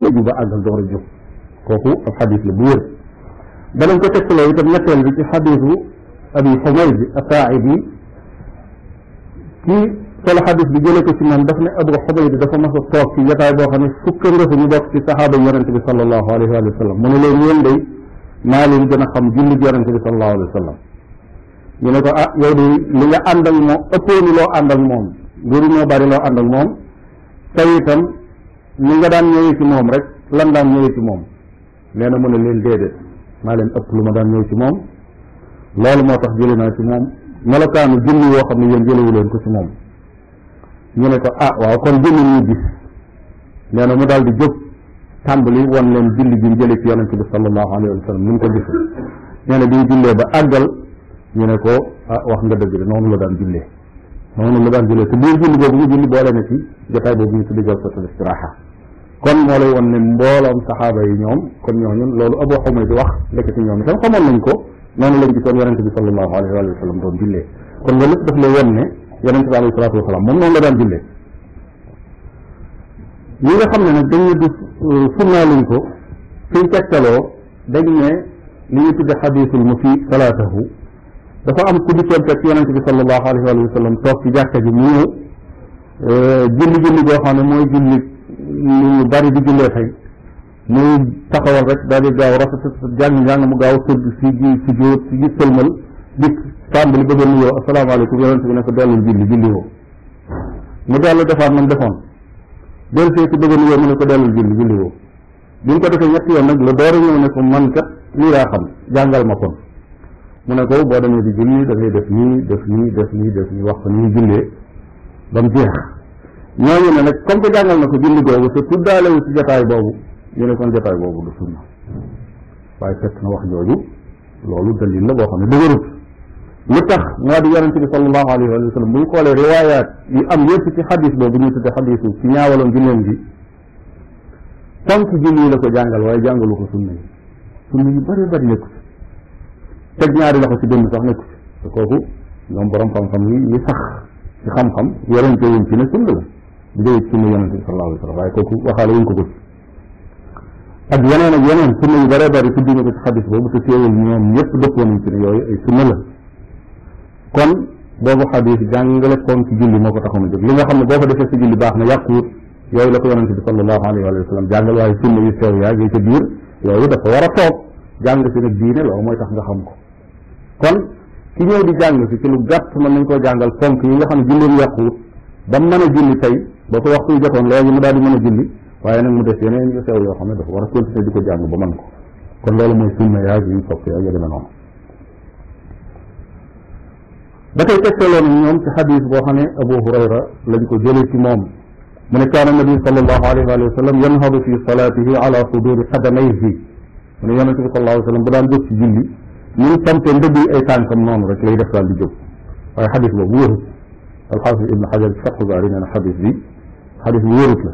léegi ba àggal door a jóg kooku ab xadis la bu wér danañ ko tegtaloo itam ñetteel bi ci bi jëlee ko ci abu xumayd a toog ci jataay boo xam ne fukka nga fa ñu bokk ci saxaaba yonente bi sallallahu alayhi wa sallam mu ne leen yéen day maa leen gën a xam julli yonente bi sallallahu alayhi ñu ne ko ah yow de li nga ànd ak moom ëppoonu loo ànd ak moom gënu moo bari loo ànd ak moom tey itam ni nga daan ñëwee ci moom rek lan daan ñëwee ci moom ëpp lu ma daan ñëw ci loolu moo tax jëli ci moom melokaanu julli woo xam ne yéen jëlewu leen ko ci moom ñu ne ko ah waaw kon jëli ñu gis nee na mu daal jóg tàmbali woon leen julli bi mu jëlee ci yonente bi sallallahu alayhi wa sallam ni mu na bi mu ba àggal ñu ko ah, wax nga dëgg de noonu la daan jullee noonu la daan jullee te biir julli boobu ñu julli boole na ci jotaay boobu ñu tuddi jalsatul istiraha kon moo lay ne mbooloom saxaaba yi ñoom kon ñooñu loolu Abu Humayd di wax ndekk ci ñoom itam xamoon nañ ko noonu lañ gisoon yonente bi sallallahu alayhi wa sallam doon jullee kon loolu lépp daf lay won ne yonente bi alayhi salatu wasalaam moom noonu la daan ñi nga xam ne nag dañ ne euh, du surnaaluñ ko suñ tegtaloo dañ ne li ñu tudde xadiisul musi salaatahu dafa am ku dikkoon fekk yonente bi sallallahu alayhi wa sallam toog ci jàkka ji mu ñëw julli-julli euh, boo bari di jullee tey muy taxawal rek daal di gaaw rafet jàng-jàng mu gaaw sëgg si gi si jóot si gi sëlmal dikk tàmbali bëgg a nuyoo asalaamaaleykum yonente bi ne ko dellul julli julli woo mu dellu defaat nam defoon del see ci bëggoon yow mu ne ko dellul julli julli woo bi mu ko defee ñetti yoon nag la door a ñëw ne ko man kat lii laa xam jàngal ma kon mu ne ko boo demee di julli da ngay def nii def nii def nii def nii wax ko ni ñu jullee ba mu jeex ñooñu ne nag comme que jàngal na ko julli googu te tuddaalewu ci jataay boobu ñu ne kon jataay boobu du sunna waaye fekk na wax jooju loolu dalil la boo xam ne dëgërut lu tax moo di yonente bi sallallahu alayhi wa sallam bu ñu xoolee riwaayaat yu am yépp ci xadis boobu ñuy tudde xadisu ci ñaawaloon julleem gi la ko jàngal waaye jàngalu ko sunna yi sunna yu bëree bëri nekku ci teg ñaari loxo ci dënd sax nekku ci te kooku borom xam-xam yi yi sax xam-xam yorante wuñ ci ne sunna la di jóge ci sunna yonente bi waxaale wuñ ko ko ci ak yeneen ak yeneen sunna yu bëree ko ci xadis boobu te teewul ñoom ñëpp dëppoo nañ ci ne yooyu ay sunna kon boobu xadis jàngale koom ci julli moo ko taxoon a jóg li nga xam ne boo ko defee si julli baax na yàquwut yooyu la ko yonente bi sallallahu alayhi wa sallam jàngal waaye sunna yu teew yaag yi ca biir yooyu dafa war toog jàng si nag diine loolu mooy tax nga xam ko kon ki ñëw di jàng si ci lu gàtt mën nañ koo jàngal ponk yi nga xam ne julleem yàquwut a julli tey ba ko waxtu yu jotoon léegi mu daal di a julli waaye nag mu def yeneen yu sew yoo xam ne dafa war a di ko jàng ba mën ko kon loolu mooy sunna yaag yi ñu topp ak ba tey tegtaloo na ñoom ci xadis boo xam ne abu hurayra lañ ko jëlee ci moom mu ne kaana nabi salallahu alayhi wa sallam yanhadu fi salatihi ala suduri qadamayhi mu ne yonente bi salallahu alayhi wa sallam bu daan jóg ci julli ñu ngi sampe ndëgg ay tànkam noonu rek lay def daal di jóg waaye xadis boobu wérut alxaafis ibne xajar ci fatxu baari nee na xadis bi xadis bi wérut la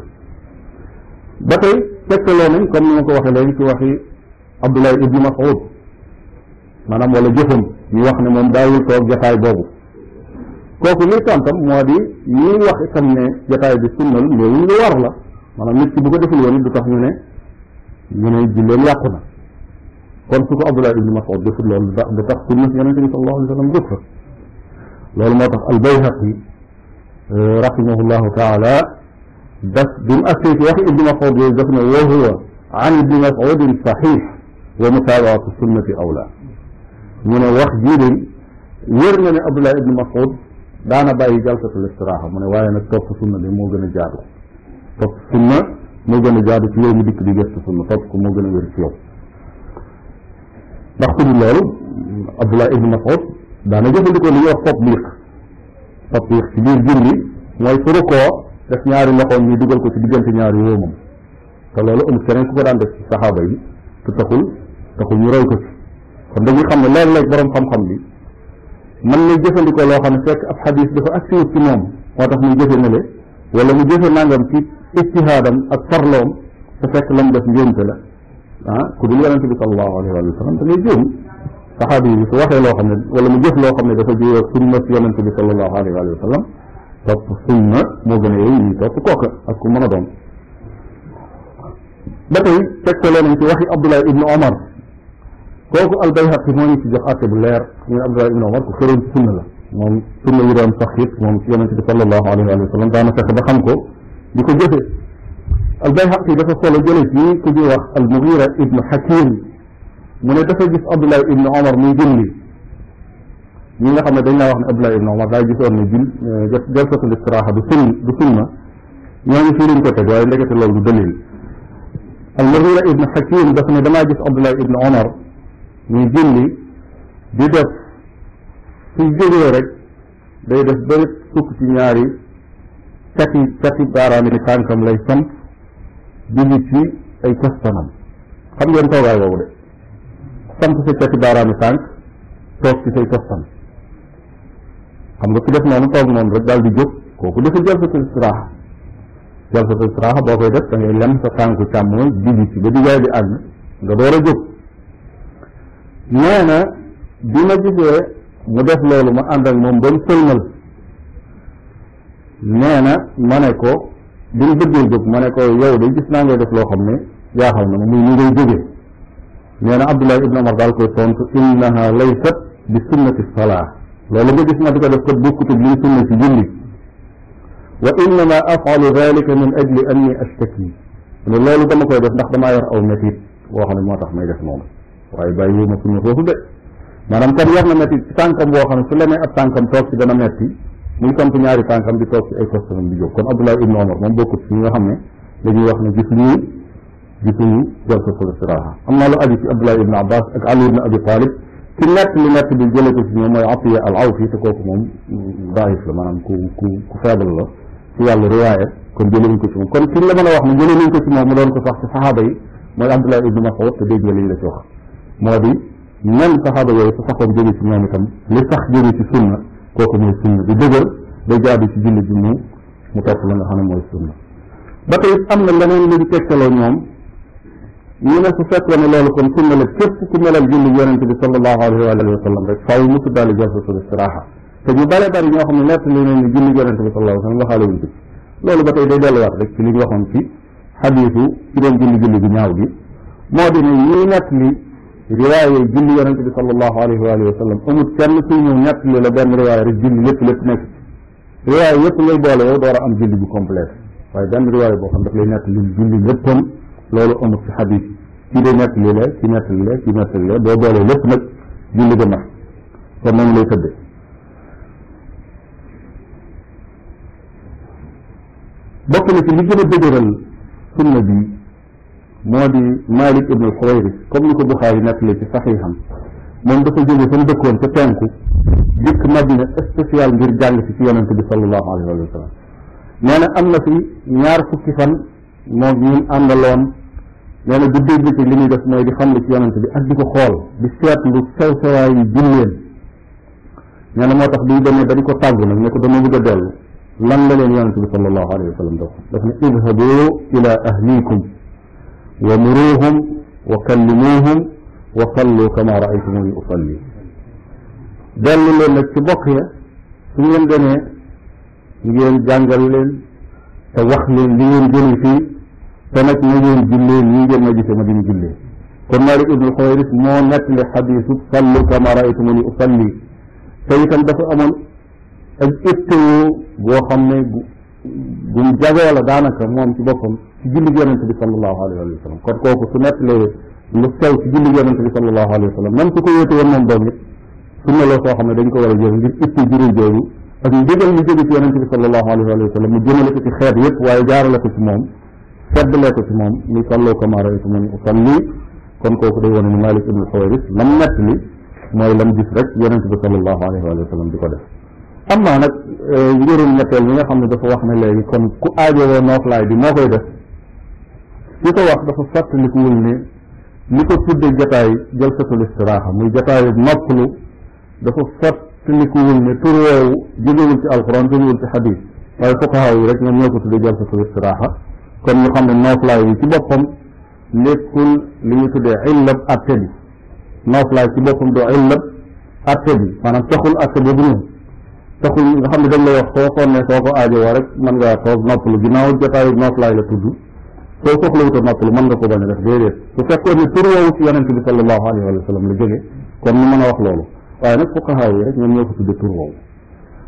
ba tey tegtaloo nañ comme ni ma ko waxee léegi ci waxi abdoulaye ibni masud maanaam wala jëfam ñu wax ne moom daawul toog jataay boobu kooku li tontam moo di ñuy wax itam ne jataay bi sunnal léegi lu war la maanaam nit ki bu ko deful woon du tax ñu ne ñu ne julleem yàqu na kon su ko abdullah ibnu masud deful loolu du tax sunna si yonente bi sallallahu alayhi wa sallam def loolu moo tax albayhaqi rahimahullahu taala daf bi mu agsee ci waxi ibnu masud yooyu daf ne wa huwa an ibni masudin sahih wa mutaabaatu sunnati awlaa من وقت جيلي ويرنا أبلا ابن مسعود دانا باي جلسة الاستراحة من وين التوف سنة دي موغن جارو توف سنة موغن جارو في يوم ديك دي جلسة سنة توف كو موغن ورسيو نخطب الله أبلا ابن مسعود دانا جبل ديكو ليو تطبيق تطبيق في جيل جيلي موي سروكو def ñaari loxoom ñu dugal ko ci diggante ñaari yoomam te loolu amu keneen ku ko daan def ci saxaaba yi te taxul taxul ñu raw ko ci kon dañuy xam ne léeg-léeg borom xam-xam bi man lay jëfandikoo loo xam ne fekk ab xadis dafa agsiwut ci moom moo tax muy jëfe nale wala mu jëfe nangam ci ijtihaadam ak farloom te fekk lam def njuumte la ah ku dul yonente bi salallahu alayhi wa sallam da ngay juum saxaabi yi su waxee loo xam ne wala mu jëf loo xam ne dafa jiwee sunna yonente bi salallahu alayhi wa sallam topp sunna moo gën a yow ñuy topp kooka ak ku mën a doon ba tey tegtaloo nañ ci waxi abdullah ibnu omar كوكو البيها في موني في جفاك من عبد الله عمر كفرون سنة الله من سنة يرام صحيح من سنة صلى الله عليه وآله وسلم دعنا شخص بخمكو بكو جفة البيها في صلى الله عليه كجوة المغيرة ابن حكيم من دفة جف عبد إبن عمر من جملي من لقد مدينا وحن عبد إبن عمر دعي جفة من جل جلسة الاستراحة بسنة بسنة يعني في لنكتة الله بدليل المغيرة ابن حكيم دفن دماجس عبد الله ابن عمر ñu julli di def su jógee rek def ba fukk ci ñaari cati cati baaraami tànkam lay sant julli ci ay costanam xam ngeen toogaay boobu de sa cati baaraami tànk toog ci say costan xam nga ku def noonu toog noonu rek daal di jóg kooku dafa jalsatul istiraaxa jalsatul istiraaxa boo koy def da ngay lem sa tànku càmmooy julli ci ba diggaay bi àgg nga door a jóg nee na bi ma gisee mu def loolu ma ànd ak moom ba mu sëlmal nee na ma ne ko bi mu bëggee jóg ma ne ko yow de gis naa ngay def loo xam ne jaaxal na ma muy ñu ngay jógee nee na Abdullah ibn Omar daal koy tontu innaha laysat bi sunnati salaa loolu nga gis ma di ko def kat bokkutub li ñu sunna ci julli wa innama afalu dalika min ajli anni ashtaki ne loolu dama koy def ndax damaa yor aw métit woo xam ne moo tax may def noonu waaye bàyyi ma suñu foofu de maanaam kon yor na metti ci tànkam boo xam ne su lemee ab tànkam toog ci dana metti muy samp ñaari tànkam di toog ci ay kostanam di jóg kon Abdullah ibnu Omar moom bokkut ci nga xam ne dañuy wax ne gis ñu gisuñu jalsatul istiraha am naa lu aju ci Abdullah ibnu Abbas ak Ali ibnu Abi Talib ci nett li nett bi jële ko ci ñoom mooy Atiya al Awfi te kooku moom daif la maanaam ku ku ku faible la ci yàlla riwaaya kon jële nañ ko ci moom kon ci la mën a wax ne jële nañ ko ci moom mu doon ko sax ci saxaaba yi mooy Abdullah ibnu Mas'ud te dégg nga la ci wax moo di nan saxaaba yooyu su saxoon jóge ci ñoom itam li sax jóge ci sunna kooku mooy sunna di dëgër day jaadu ci jullit bi mu mu topp la nga xam ne mooy sunna ba tey am na leneen lu ñu tegtaloo ñoom ñu ne su fekkee ne loolu kon sunna la képp ku melal julli yonente bi sallallahu alayhi wa alihi wa sallam rek faaw mu tuddaale jalsatul istiraha te ñu bare bari ñoo xam ne nett li nañ ne julli yonente bi sallallahu alayhi wa sallam waxaale wuñ ci loolu ba tey day delluwaat rek ci li ñu waxoon ci xadiisu ci doon julli julli bu ñaaw bi moo di ne ñuy nett li رواية الجل ينبي صلى الله عليه وآله وسلم أمو تشمسين ونقل لبان رواية الجل يتلت نك رواية يتل يبال ودور أم جل بكمبلت فإذا رواية بخم دخل ينقل الجل يتلت لولو أمو في حديث كده ينقل لله كده ينقل لله كده ينقل لله دور دور يتلت نك جل دمر فمن لا يتبع بطلت اللي جنب دور سنة دي moo di malik ibnu alxawayris comme ni ko buxaari nettali ci saxiixam moom dafa jóge fa mu dëkkoon ca penku dikk madina spécial ngir jàng si ci yonente bi salallahu alayhi wa sallam nee na am na fi ñaar fukki fan moom ñun àndaloon nee na guddeeg bëccëg li muy def mooy di xam li ci yonente bi ak di ko xool di seetlu sew sewaay yi julleen nee na moo tax bi demee ba di ko tàggu nag ne ko dama bëgg a dellu lan la leen yonente bi salallahu alayhi wa sallam dox daf ne idhabu ila ahlikum ومروهم وكلموهم وصلوا كما رأيتموني أصلي دل لنا تبقية ثم دنيا نجيهم جانجل لين توخ لين لين جني فيه تنك نجيهم جلين نجيهم نجي سما دين جلين كنا ابن الخويرس مو نتل حديث صلوا كما رأيتموني أصلي سيكن دفع أمون أجئتوا بوخمي boo لدانك ne bu ci julli yonente bi sallallahu alayhi wa sallam kon kooku su nettalee lu sew ci julli yonente bi sallallahu alayhi wa sallam même su ko yéete woon moom doom it sunna la soo xam ne dañ ko war a jël ngir itti juróom jooju ak ndigal ñu jóge ci yonente bi sallallahu alayhi wa sallam mu jëmale ko ci xeet yëpp waaye jaarale ko ci moom seddalee ko ci moom ni salloo kama ra'aytumuni usalli kon kooku day wane ni Malik ibn Huwayris lam nettali mooy lam gis rek yonente bi sallallahu alayhi wa sallam di ko def am naa nag eh, njëriñ ñetteel bi nga xam ne dafa wax ne léegi kon ku aajowoo nooflaay bi moo koy def ki ko wax dafa fàttalikuwul ne li ko tudde jataay jalsatul istiraaxa muy jataayu noppalu dafa fàttalikuwul ne tur woowu jógewul ci alquran jógewul ci xadis waaye fuqahaa yi rek ñoom ñoo ko tudde jalsatul istiraaxa kon ñu xam ne nooflaay bi ci boppam nekkul li ñu tuddee illab atte bi nooflaay ci boppam doo illab atte bi maanaam taxul atte boobu ñëw taxul nga xam ne dañ lay wax soo sonnee soo ko aajowoo rek mën ngaa toog noppalu ginnaaw jataayu nooflaay la tudd soo soxlawuta noppali mën nga ko bañ a def déedéet su fekkoon ne tur woowu ci yonente bi salallahu alayhi wa sallam la jóge kon ñu mën a wax loolu waaye nag fuqahaa yi rek ñoom ñoo ko tudde tur woowu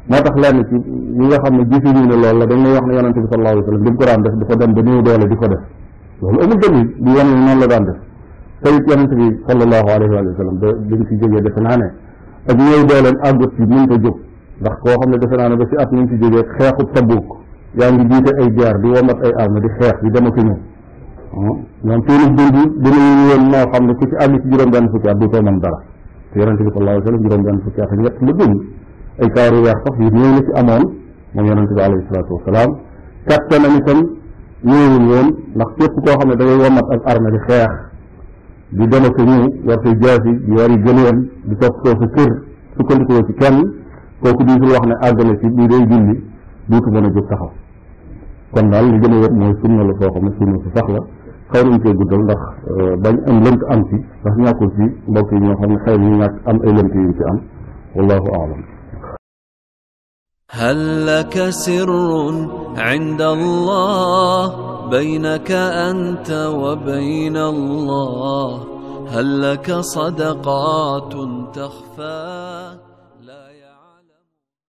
moo tax lenn ci ñi nga xam ne gisuñu ne loolu la dañ lay wax ne yonente bi salallahu alayhi wa sallam bi mu ko daan def dafa dem ba néew doole di ko def loolu amul dalil di wane ne noonu la daan def te it yonente bi salallahu alayhi wa sallam da bi mu fi jógee defe naa ne ak néew dooleem àggut ci mënta jóg ndax koo xam ne defe naa ne ba si at ñu ngi ci jógee xeexub tabuuk yaa ngi jiite ay jaar di womat ay arme di xeex di dem ak ñëw ñoom ah, seenu dund dinañu woon noo xam ne ku ci àgg ci juróom benn fukki at duutoo mën dara te yonent bi sallallahu alayhi wa sallam juróom benn fukki at ak ñett la dund ay kaaru weex sax yu néew la ci amoon moom yonent bi alayhi salaatu wasalaam kattanam itam ñëwul woon ndax képp koo xam ne da ngay womat ak arme di xeex di dem ak ñu war say jaasi di wari gëneen di toppatoo sa kër sukkandikoo ci kenn kooku diisul wax ne àgg na ci bii day julli duutu mën a jóg taxaw kon daal li gën a wér mooy sunna la soo xam ne sunna su sax la xëy nañ koy guddal ndax bañ am lënt am ci ndax ñàkkul ci mbokk yi ñoo xam ne xëy nañ ñàkk am ay lënt yi ci am wallahu aalam هل لك سر عند الله بينك أنت وبين الله هل لك صدقات تخفى